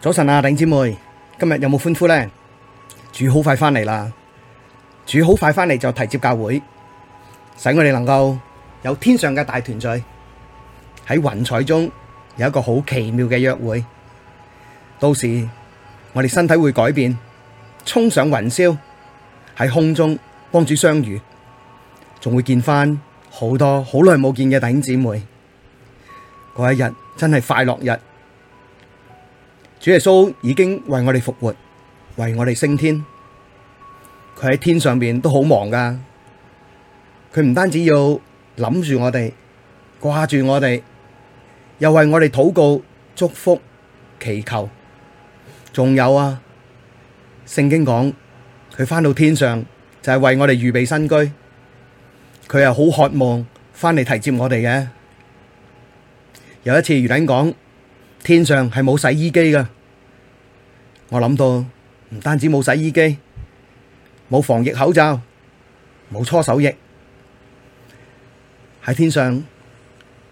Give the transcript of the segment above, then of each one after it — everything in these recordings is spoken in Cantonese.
早晨啊，弟兄姊妹，今日有冇歡呼呢？主好快翻嚟啦，主好快翻嚟就提接教會，使我哋能夠有天上嘅大團聚，喺雲彩中有一個好奇妙嘅約會。到時我哋身體會改變，衝上雲霄，喺空中幫主相遇，仲會見翻好多好耐冇見嘅弟兄姊妹。嗰一日真係快樂日。主耶穌已經為我哋復活，為我哋升天。佢喺天上邊都好忙噶，佢唔單止要諗住我哋，掛住我哋，又為我哋禱告、祝福、祈求。仲有啊，聖經講佢翻到天上就係為我哋預備新居。佢係好渴望翻嚟提接我哋嘅。有一次，約等講。天上係冇洗衣機㗎，我諗到唔單止冇洗衣機，冇防疫口罩，冇搓手液，喺天上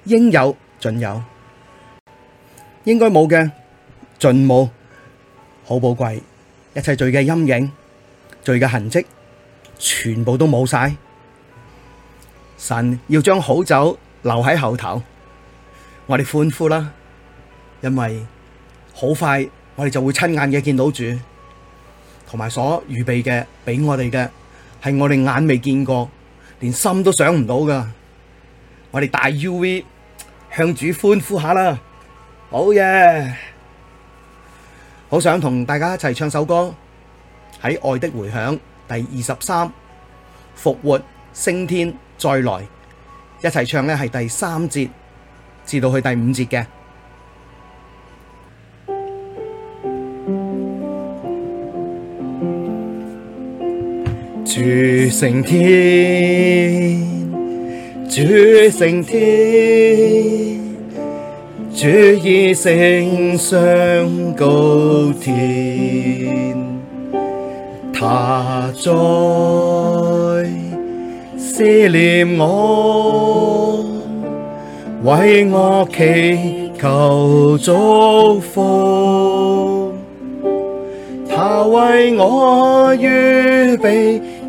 應有盡有，應該冇嘅盡冇，好寶貴，一切罪嘅陰影、罪嘅痕跡，全部都冇晒。神要將好酒留喺後頭，我哋歡呼啦！因為好快，我哋就會親眼嘅見到主，同埋所預備嘅俾我哋嘅係我哋眼未見過，連心都想唔到噶。我哋大 U V 向主歡呼下啦，好耶！好想同大家一齊唱首歌喺《愛的回響》第二十三，復活升天再來，一齊唱呢係第三節至到去第五節嘅。主升,升天，主升天，主已升上高天，他在思念我，為我祈求祝福，他為我預備。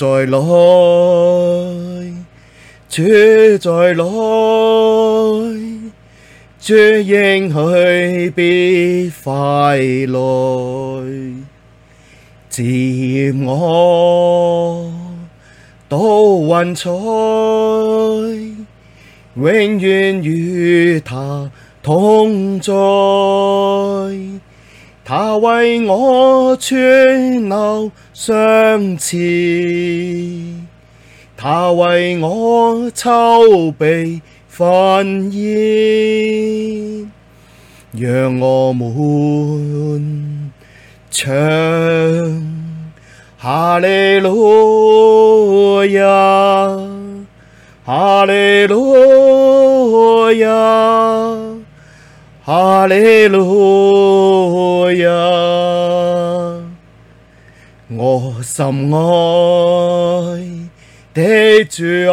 主再來，主再來，主應許，必快來，接我到雲彩，永遠與他同在。祂為我存留賞賜，祂為我籌備婚筵，讓我們唱，哈利路亞，哈利路亞。哈利路亞，我心愛的主啊，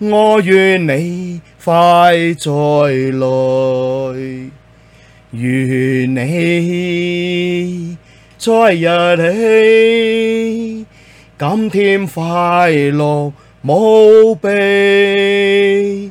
我願你快再來，與你在一起，甘甜快樂無比。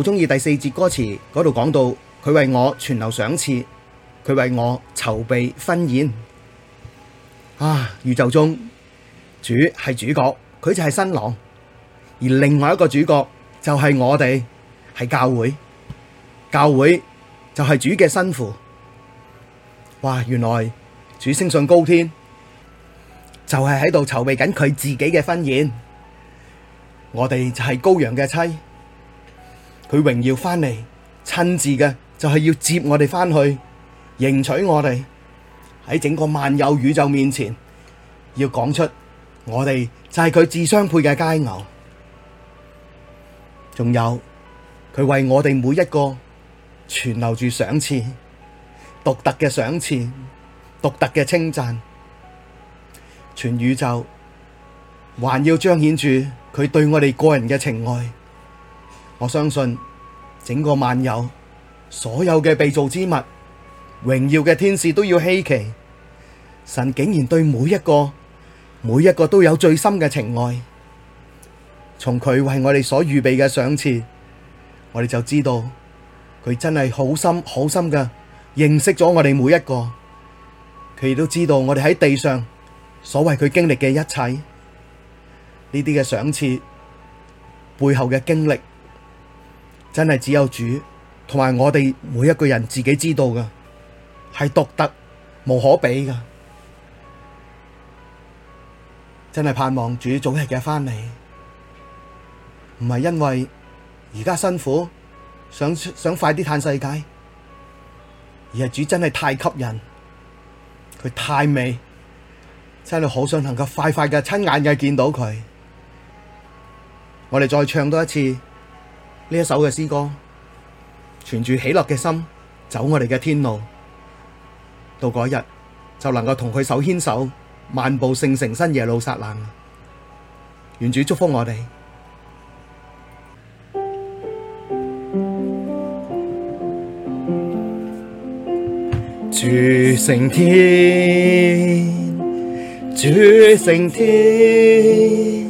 好中意第四節歌詞嗰度講到，佢為我存留賞賜，佢為我籌備婚宴。啊，宇宙中主係主角，佢就係新郎，而另外一個主角就係我哋，係教會，教會就係主嘅新婦。哇，原來主升上高天，就係喺度籌備緊佢自己嘅婚宴，我哋就係羔羊嘅妻。佢榮耀翻嚟，親自嘅就係要接我哋翻去，迎娶我哋喺整個萬有宇宙面前，要講出我哋就係佢至相配嘅佳偶。仲有佢為我哋每一個存留住賞賜，獨特嘅賞賜，獨特嘅稱讚，全宇宙還要彰顯住佢對我哋個人嘅情愛。我相信整個萬有，所有嘅被造之物，榮耀嘅天使都要稀奇。神竟然對每一個、每一個都有最深嘅情愛，從佢為我哋所預備嘅賞賜，我哋就知道佢真係好深好深嘅認識咗我哋每一個。佢亦都知道我哋喺地上所為佢經歷嘅一切，呢啲嘅賞賜背後嘅經歷。真係只有主同埋我哋每一個人自己知道噶，係獨特無可比噶。真係盼望主早日嘅返嚟，唔係因為而家辛苦，想想快啲嘆世界，而係主真係太吸引，佢太美，真係好想能夠快快嘅親眼嘅見到佢。我哋再唱多一次。呢一首嘅詩歌，存住喜樂嘅心，走我哋嘅天路，到嗰日就能夠同佢手牽手，漫步聖城新耶路撒冷。願主祝福我哋。主升天，主升天。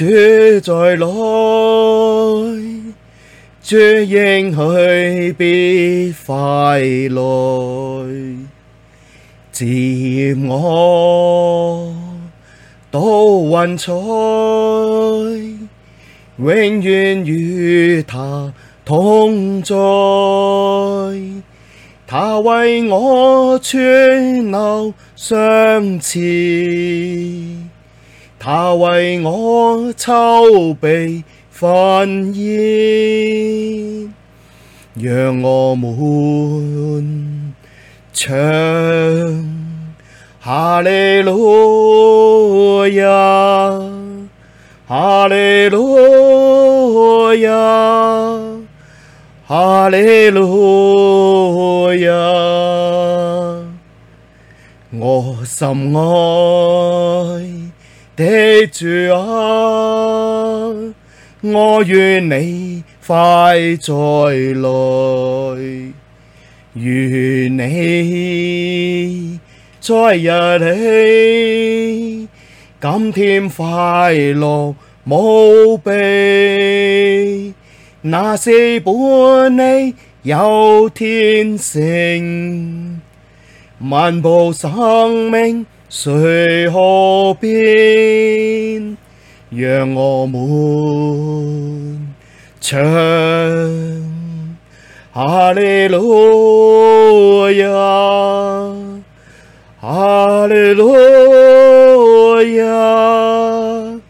主再來，主應許必快來。接我到雲彩，永遠與他同在。他為我存留賞賜。他為我籌備婚筵，讓我們唱，哈利路亞，哈利路亞，哈利路亞，我心愛。記住啊，我願你快再來，與你在一起，甘甜快樂無比，那時伴你遊天城，漫步生命水河邊，讓我們唱，哈利路亞，哈利路亞，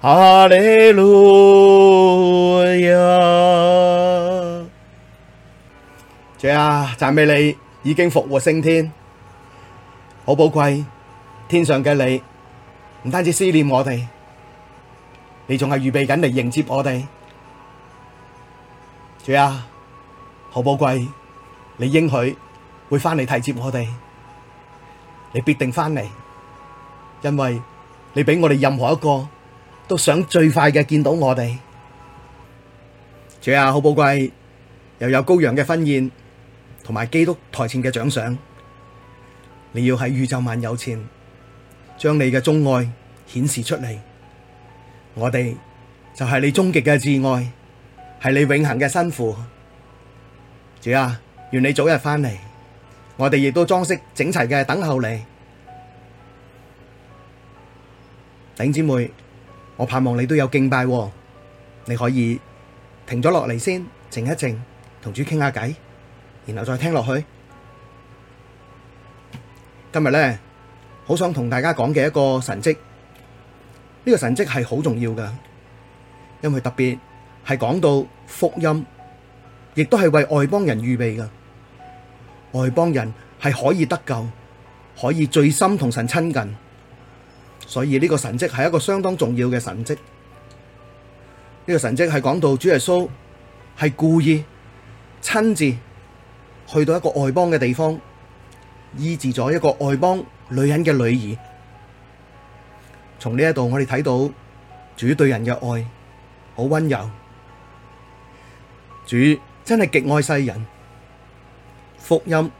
哈利路亞。主啊，讚美你，已經復活升天，好寶貴。天上嘅你，唔單止思念我哋，你仲係預備緊嚟迎接我哋。主啊，好寶貴，你應許會翻嚟提接我哋，你必定翻嚟，因為你俾我哋任何一個都想最快嘅見到我哋。主啊，好寶貴，又有羔羊嘅婚宴，同埋基督台前嘅獎賞，你要喺宇宙萬有前。將你嘅鍾愛顯示出嚟，我哋就係你終極嘅摯愛，係你永恆嘅新婦。主啊，願你早日翻嚟，我哋亦都裝飾整齊嘅等候你。弟兄姊妹，我盼望你都有敬拜，你可以停咗落嚟先，靜一靜，同主傾下偈，然後再聽落去。今日咧。好想同大家講嘅一個神蹟，呢個神蹟係好重要噶，因為特別係講到福音，亦都係為外邦人預備噶，外邦人係可以得救，可以最深同神親近，所以呢個神蹟係一個相當重要嘅神蹟。呢個神蹟係講到主耶穌係故意親自去到一個外邦嘅地方醫治咗一個外邦女人嘅女兒，從呢一度我哋睇到主對人嘅愛好溫柔，主真係極愛世人，福音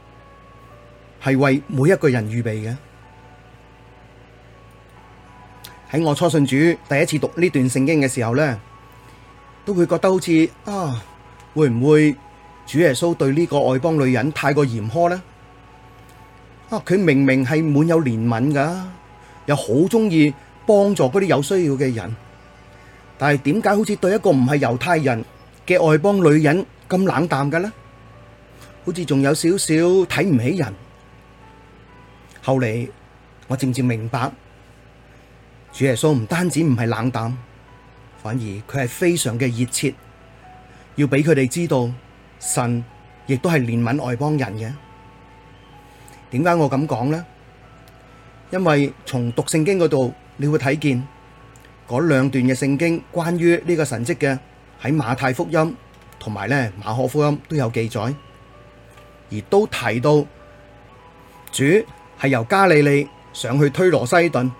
係為每一個人預備嘅。喺我初信主第一次讀呢段聖經嘅時候咧，都會覺得好似啊，會唔會主耶穌對呢個外邦女人太過嚴苛呢？啊！佢明明係滿有憐憫噶，又好鍾意幫助嗰啲有需要嘅人，但係點解好似對一個唔係猶太人嘅外邦女人咁冷淡嘅呢？好似仲有少少睇唔起人。後嚟我漸漸明白，主耶穌唔單止唔係冷淡，反而佢係非常嘅熱切，要俾佢哋知道神亦都係憐憫外邦人嘅。點解我咁講呢？因為從讀聖經嗰度，你會睇見嗰兩段嘅聖經關於呢個神蹟嘅，喺馬太福音同埋咧馬可福音都有記載，而都提到主係由加利利上去推羅西頓，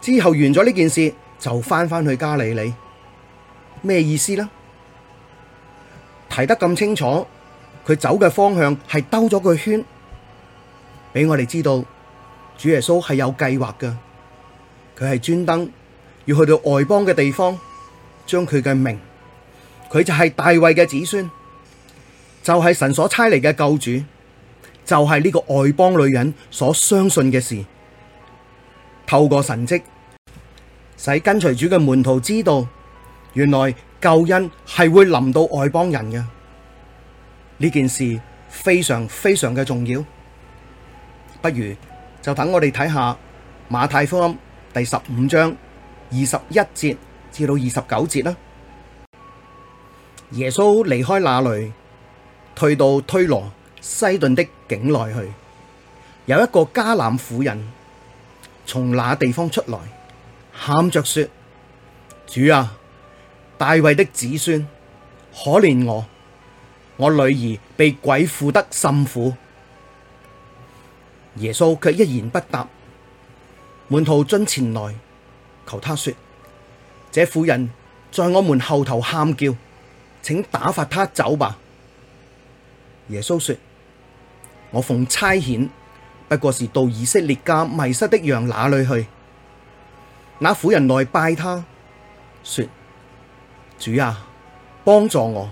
之後完咗呢件事就翻返去加利利。咩意思呢？提得咁清楚，佢走嘅方向係兜咗個圈。俾我哋知道，主耶穌係有計劃嘅，佢係專登要去到外邦嘅地方，將佢嘅名，佢就係大衛嘅子孫，就係、是、神所差嚟嘅救主，就係、是、呢個外邦女人所相信嘅事，透過神蹟，使跟隨主嘅門徒知道，原來救恩係會臨到外邦人嘅，呢件事非常非常嘅重要。不如就等我哋睇下馬太福音第十五章二十一節至到二十九節啦。耶穌離開那裡，退到推羅西頓的境內去。有一個迦南婦人從那地方出來，喊着說：主啊，大衛的子孫，可憐我，我女兒被鬼附得甚苦。耶穌卻一言不答，門徒進前來求他說：這婦人在我們後頭喊叫，請打發他走吧。耶穌說：我奉差遣，不過是到以色列家迷失的羊那裡去。那婦人來拜他說：主啊，幫助我。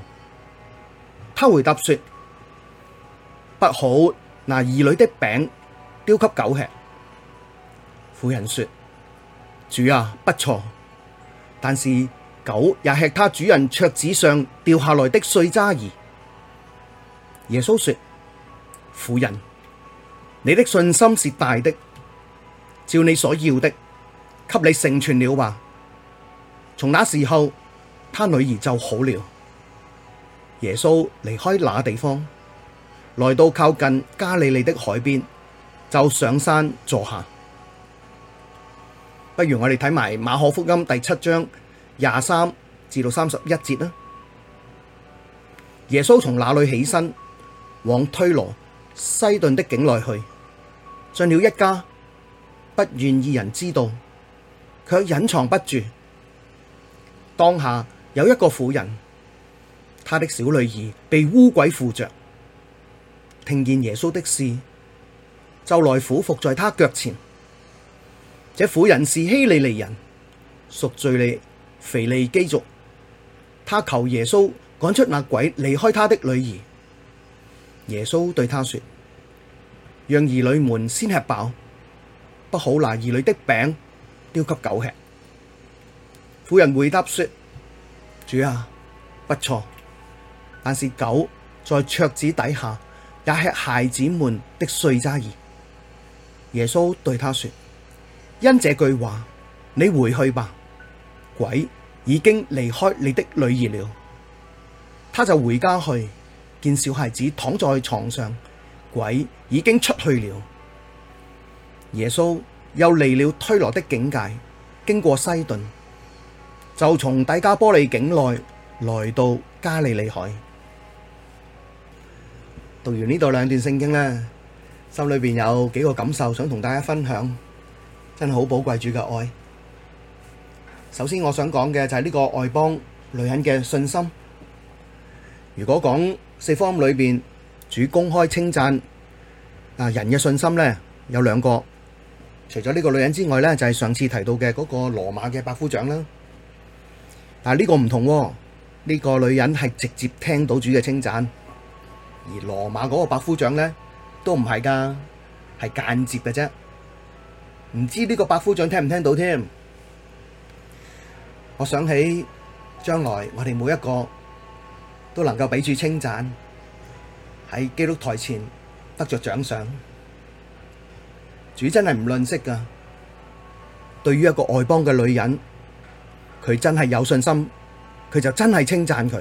他回答說：不好，拿兒女的餅，丟給狗吃。婦人說：主啊，不錯，但是狗也吃他主人桌子上掉下來的碎渣兒。耶穌說：婦人，你的信心是大的，照你所要的，給你成全了吧。從那時候，他女兒就好了。耶穌離開那地方，來到靠近加利利的海邊。就上山坐下，不如我哋睇埋馬可福音第七章廿三至到三十一節啦。耶穌從那裡起身，往推羅西頓的境內去，進了一家，不願意人知道，却隱藏不住。當下有一個婦人，他的小女兒被汙鬼附着，聽見耶穌的事。就來俯伏在他腳前。這婦人是希利尼人，屬敘利腓尼基族。他求耶穌趕出那鬼，離開他的女兒。耶穌對他說：讓兒女們先吃飽，不好拿兒女的餅丟給狗吃。婦人回答說：主啊，不錯，但是狗在桌子底下也吃孩子們的碎渣兒。耶穌對他說：因這句話，你回去吧，鬼已經離開你的女兒了。他就回家去，見小孩子躺在床上，鬼已經出去了。耶穌又離了推羅的境界，經過西頓，就從低加波利境內來到加利利海。讀完呢度兩段聖經呢。心裏邊有幾個感受，想同大家分享，真係好寶貴主嘅愛。首先我想講嘅就係呢個外邦女人嘅信心。如果講四方裏邊主公開稱讚人嘅信心呢，有兩個。除咗呢個女人之外呢，就係、是、上次提到嘅嗰個羅馬嘅百夫長啦。但係呢個唔同、啊、呢、這個女人係直接聽到主嘅稱讚，而羅馬嗰個百夫長呢，都唔係噶，係間接嘅啫。唔知呢個百夫長聽唔聽到添？我想起將來我哋每一個都能夠俾住稱讚喺基督台前得咗獎賞。主真係唔吝嗇噶，對於一個外邦嘅女人，佢真係有信心，佢就真係稱讚佢。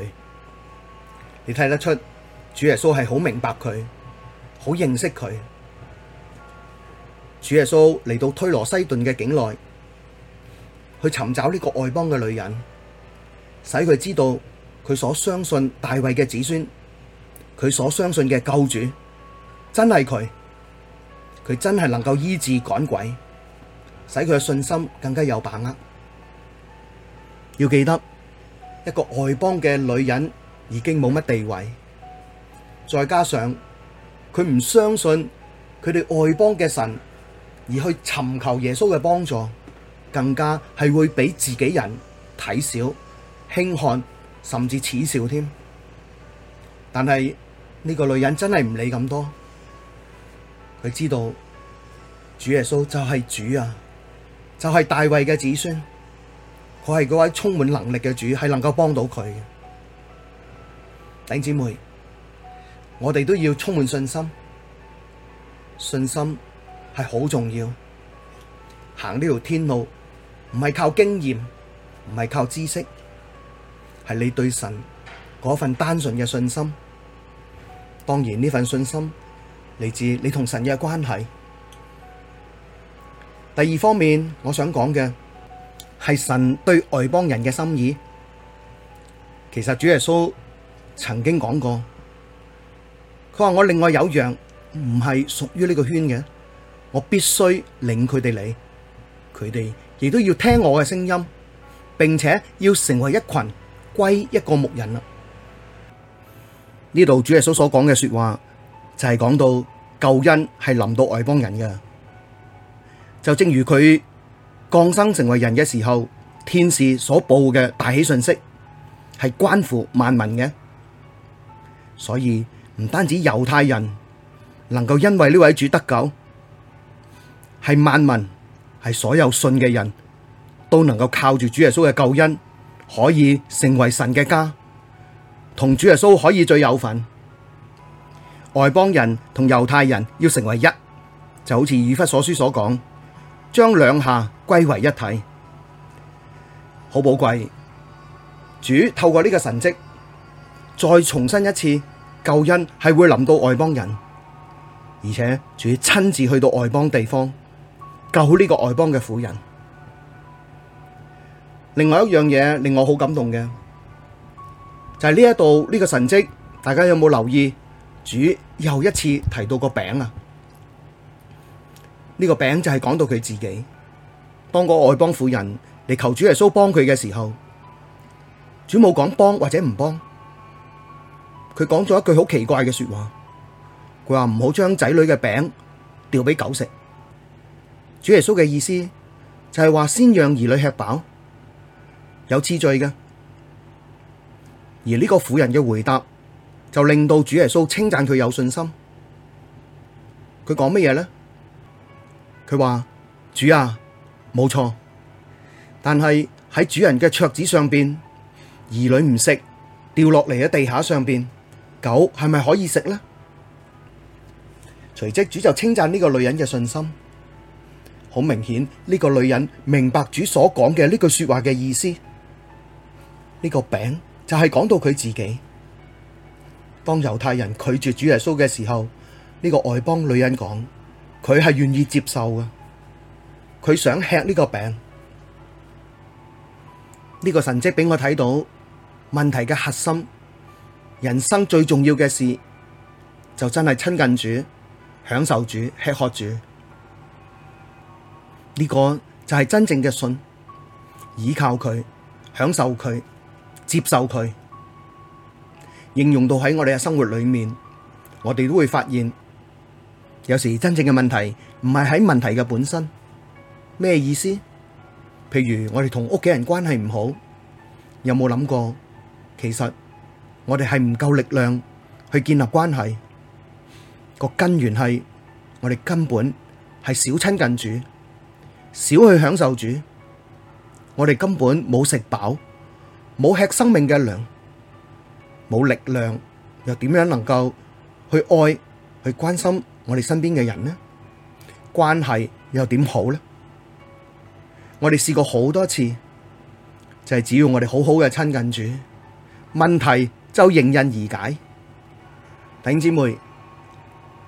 你睇得出主耶穌係好明白佢。好認識佢，主耶穌嚟到推羅西頓嘅境內，去尋找呢個外邦嘅女人，使佢知道佢所相信大衛嘅子孫，佢所相信嘅救主真係佢，佢真係能夠醫治趕鬼，使佢嘅信心更加有把握。要記得，一個外邦嘅女人已經冇乜地位，再加上。佢唔相信佢哋外邦嘅神，而去尋求耶穌嘅幫助，更加係會俾自己人睇小、輕看甚至恥笑添。但係呢個女人真係唔理咁多，佢知道主耶穌就係主啊，就係大衛嘅子孫，佢係嗰位充滿能力嘅主，係能夠幫到佢嘅。丁姊妹。我哋都要充滿信心，信心係好重要。行呢條天路，唔係靠經驗，唔係靠知識，係你對神嗰份單純嘅信心。當然呢份信心嚟自，你同神嘅關係。第二方面，我想講嘅係神對外邦人嘅心意。其實主耶穌曾經講過。佢話我另外有樣唔係屬於呢個圈嘅，我必須領佢哋嚟，佢哋亦都要聽我嘅聲音，並且要成為一群歸一個牧人啦。呢度主耶穌所講嘅說話就係講到救恩係臨到外邦人嘅，就正如佢降生成為人嘅時候，天使所報嘅大喜訊息係關乎萬民嘅，所以。唔單止猶太人能夠因為呢位主得救，係萬民，係所有信嘅人都能夠靠住主耶穌嘅救恩，可以成為神嘅家，同主耶穌可以最有份。外邦人同猶太人要成為一，就好似以弗所書所講，將兩下歸為一體，好寶貴。主透過呢個神蹟，再重申一次，救恩係會臨到外邦人，而且主親自去到外邦地方救呢個外邦嘅婦人。另外一樣嘢令我好感動嘅，就係呢一度呢個神蹟，大家有冇留意？主又一次提到個餅啊！呢、呢個餅就係講到佢自己當個外邦婦人嚟求主耶穌幫佢嘅時候，主冇講幫或者唔幫。佢講咗一句好奇怪嘅說話，佢話唔好將仔女嘅餅掉俾狗食。主耶穌嘅意思就係話先讓兒女吃飽，有次序嘅。而呢個婦人嘅回答就令到主耶穌稱讚佢有信心。佢講乜嘢呢？佢話主啊，冇錯，但係喺主人嘅桌子上邊，兒女唔食，掉落嚟，喺地下上邊。狗係咪可以食呢？隨即主就稱讚呢個女人嘅信心，好明顯呢個女人明白主所講嘅呢句說話嘅意思。呢個餅就係講到佢自己，當猶太人拒絕主耶穌嘅時候，呢個外邦女人講，佢係願意接受嘅，佢想吃呢個餅。呢個神蹟俾我睇到問題嘅核心。人生最重要嘅事，就真係親近主、享受主、吃喝主。呢、這個就係真正嘅信，倚靠佢、享受佢、接受佢，應用到喺我哋嘅生活裏面，我哋都會發現，有時真正嘅問題唔係喺問題嘅本身。咩意思？譬如我哋同屋企人關係唔好，有冇諗過？其實。我哋係唔夠力量去建立關係，個根源係我哋根本係少親近主，少去享受主，我哋根本冇食飽，冇吃生命嘅糧，冇力量，又點樣能夠去愛去關心我哋身邊嘅人呢？關係又點好呢？我哋試過好多次，就係只要我哋好好嘅親近主，問題就迎刃而解。弟兄姊妹，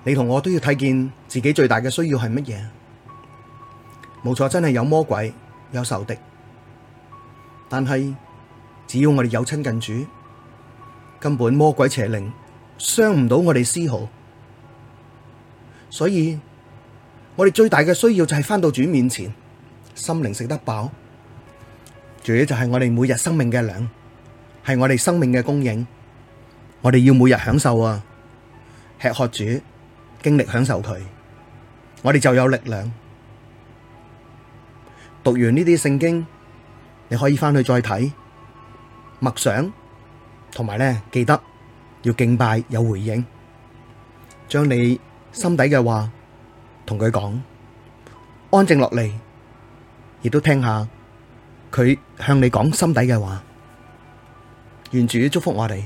你同我都要睇見自己最大嘅需要係乜嘢？冇錯，真係有魔鬼有仇敵，但係只要我哋有親近主，根本魔鬼邪靈傷唔到我哋絲毫。所以，我哋最大嘅需要就係翻到主面前，心靈食得飽。主就係我哋每日生命嘅糧，係我哋生命嘅供應。我哋要每日享受啊，吃喝主，經歷享受佢，我哋就有力量。讀完呢啲聖經，你可以翻去再睇默想，同埋咧記得要敬拜有回應，將你心底嘅話同佢講，安靜落嚟，亦都聽下佢向你講心底嘅話。願主祝福我哋。